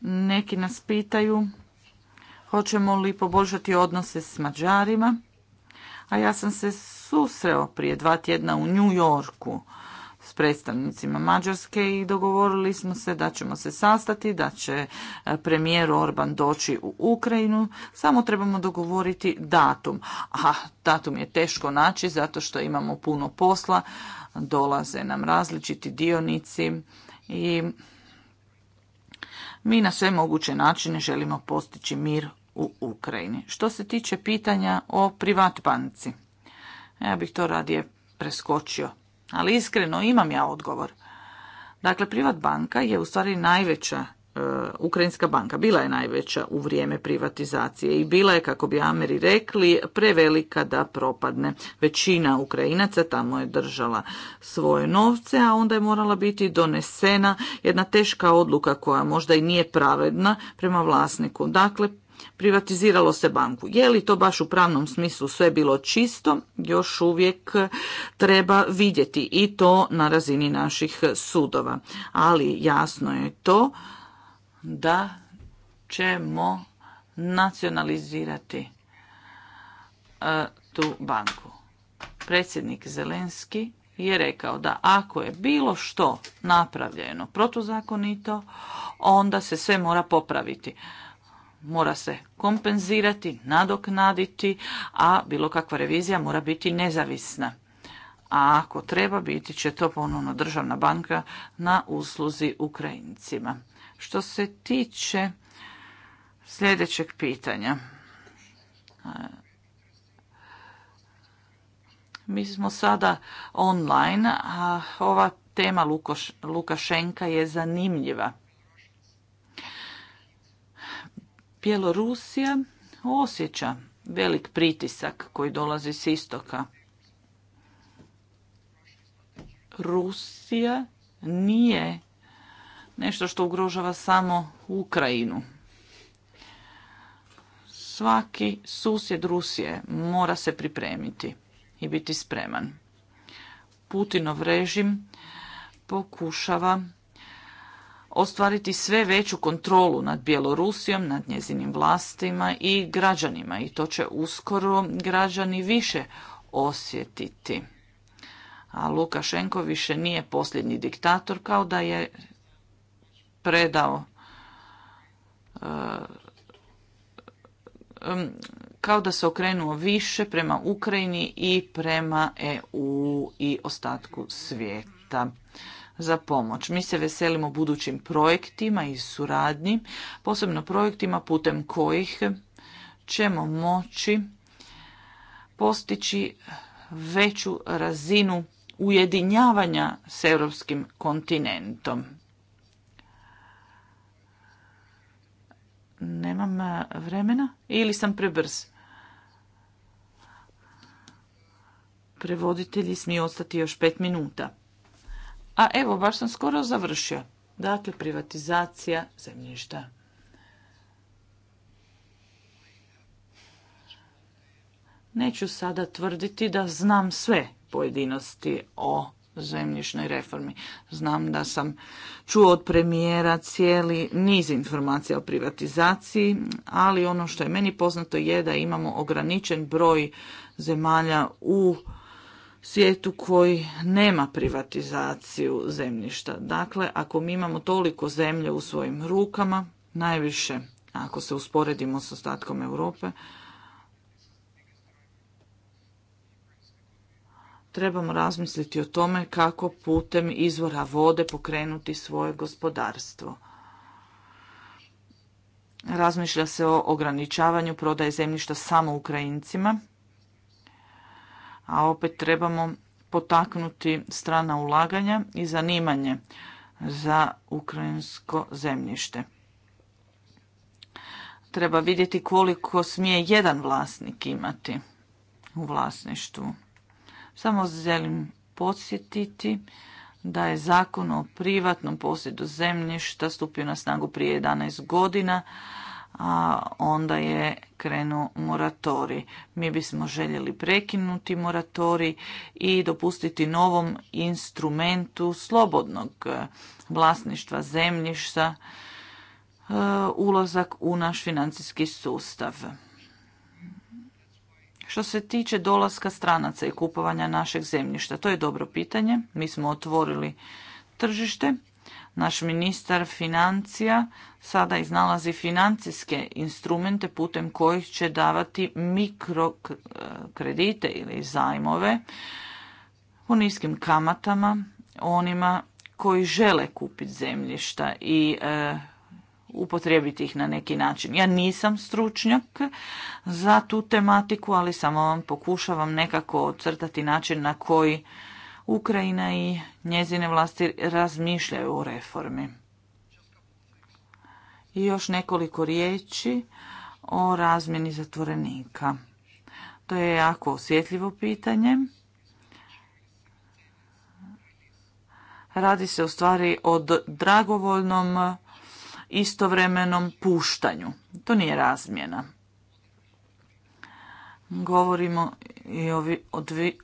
Neki nas pitaju hoćemo li poboljšati odnose s Mađarima. A ja sam se susreo prije dva tjedna u New Yorku predstavnicima Mađarske i dogovorili smo se da ćemo se sastati, da će e, premijer Orban doći u Ukrajinu, samo trebamo dogovoriti datum. A datum je teško naći zato što imamo puno posla, dolaze nam različiti dionici i mi na sve moguće načine želimo postići mir u Ukrajini. Što se tiče pitanja o privatbanci, ja bih to radije preskočio ali iskreno imam ja odgovor. Dakle, Privat banka je u stvari najveća e, Ukrajinska banka bila je najveća u vrijeme privatizacije i bila je, kako bi Ameri rekli, prevelika da propadne. Većina Ukrajinaca tamo je držala svoje novce, a onda je morala biti donesena jedna teška odluka koja možda i nije pravedna prema vlasniku. Dakle, privatiziralo se banku. Je li to baš u pravnom smislu sve bilo čisto, još uvijek treba vidjeti i to na razini naših sudova. Ali jasno je to da ćemo nacionalizirati e, tu banku. Predsjednik Zelenski je rekao da ako je bilo što napravljeno protuzakonito, onda se sve mora popraviti mora se kompenzirati, nadoknaditi, a bilo kakva revizija mora biti nezavisna. A ako treba, biti će to ponovno državna banka na usluzi Ukrajincima. Što se tiče sljedećeg pitanja, mi smo sada online, a ova tema Lukašenka je zanimljiva. Bjelorusija osjeća velik pritisak koji dolazi s istoka. Rusija nije nešto što ugrožava samo Ukrajinu. Svaki susjed Rusije mora se pripremiti i biti spreman. Putinov režim pokušava ostvariti sve veću kontrolu nad Bjelorusijom, nad njezinim vlastima i građanima i to će uskoro građani više osjetiti. A Lukašenko više nije posljednji diktator kao da je predao eh, kao da se okrenuo više prema Ukrajini i prema EU i ostatku svijeta za pomoć. Mi se veselimo budućim projektima i suradnji, posebno projektima putem kojih ćemo moći postići veću razinu ujedinjavanja s europskim kontinentom. Nemam e, vremena ili sam prebrz. Prevoditelji smiju ostati još pet minuta. A evo, baš sam skoro završio. Dakle, privatizacija zemljišta. Neću sada tvrditi da znam sve pojedinosti o zemljišnoj reformi. Znam da sam čuo od premijera cijeli niz informacija o privatizaciji, ali ono što je meni poznato je da imamo ograničen broj zemalja u svijetu koji nema privatizaciju zemljišta. Dakle, ako mi imamo toliko zemlje u svojim rukama, najviše ako se usporedimo s ostatkom Europe, trebamo razmisliti o tome kako putem izvora vode pokrenuti svoje gospodarstvo. Razmišlja se o ograničavanju prodaje zemljišta samo Ukrajincima, a opet trebamo potaknuti strana ulaganja i zanimanje za ukrajinsko zemljište. Treba vidjeti koliko smije jedan vlasnik imati u vlasništvu. Samo želim podsjetiti da je zakon o privatnom posjedu zemljišta stupio na snagu prije 11 godina a onda je krenuo moratori. Mi bismo željeli prekinuti moratori i dopustiti novom instrumentu slobodnog e, vlasništva zemljišta e, ulazak u naš financijski sustav. Što se tiče dolaska stranaca i kupovanja našeg zemljišta, to je dobro pitanje. Mi smo otvorili tržište naš ministar financija sada iznalazi financijske instrumente putem kojih će davati mikrokredite e, ili zajmove u niskim kamatama onima koji žele kupiti zemljišta i e, upotrijebiti ih na neki način. Ja nisam stručnjak za tu tematiku, ali samo vam pokušavam nekako ocrtati način na koji Ukrajina i njezine vlasti razmišljaju o reformi. I još nekoliko riječi o razmjeni zatvorenika. To je jako osjetljivo pitanje. Radi se u stvari o dragovoljnom istovremenom puštanju. To nije razmjena. Govorimo i o,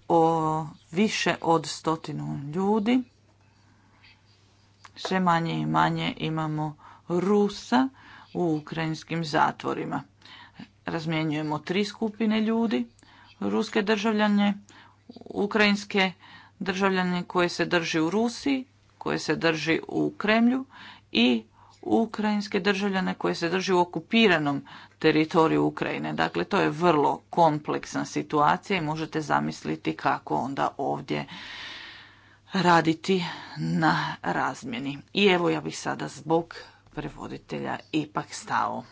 o više od stotinu ljudi. Sve manje i manje imamo Rusa u ukrajinskim zatvorima. Razmjenjujemo tri skupine ljudi, ruske državljanje, ukrajinske državljanje koje se drži u Rusiji, koje se drži u Kremlju i ukrajinske državljane koje se drži u okupiranom teritoriju Ukrajine. Dakle, to je vrlo kompleksna situacija i možete zamisliti kako onda ovdje raditi na razmjeni. I evo ja bih sada zbog prevoditelja ipak stao.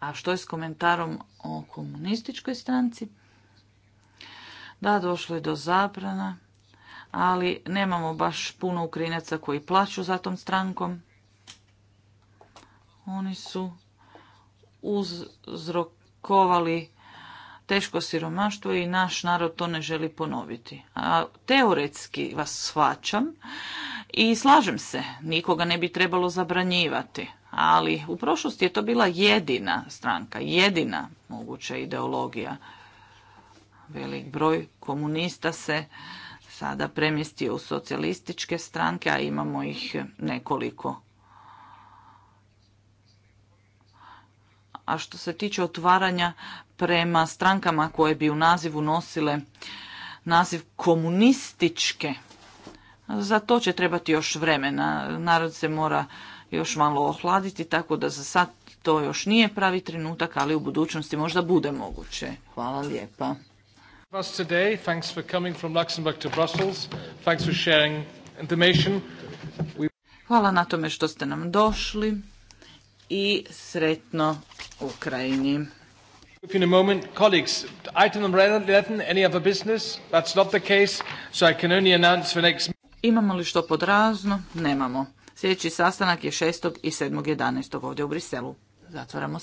A što je s komentarom o komunističkoj stranci? Da, došlo je do zabrana ali nemamo baš puno Ukrinaca koji plaću za tom strankom. Oni su uzrokovali teško siromaštvo i naš narod to ne želi ponoviti. A teoretski vas shvaćam i slažem se, nikoga ne bi trebalo zabranjivati. Ali u prošlosti je to bila jedina stranka, jedina moguća ideologija. Velik broj komunista se sada premjestio u socijalističke stranke, a imamo ih nekoliko. A što se tiče otvaranja prema strankama koje bi u nazivu nosile naziv komunističke, za to će trebati još vremena. Narod se mora još malo ohladiti, tako da za sad to još nije pravi trenutak, ali u budućnosti možda bude moguće. Hvala lijepa us today. Thanks for coming from Luxembourg to Brussels. Thanks for sharing information. We... Hvala na tome što ste nam došli i sretno Ukrajini. In a moment, colleagues, item number 11, any other business? That's not the case, so I can only announce for next... Imamo li što pod razno? Nemamo. Sljedeći sastanak je 6. i 7. 11. ovdje u Briselu. Zatvaramo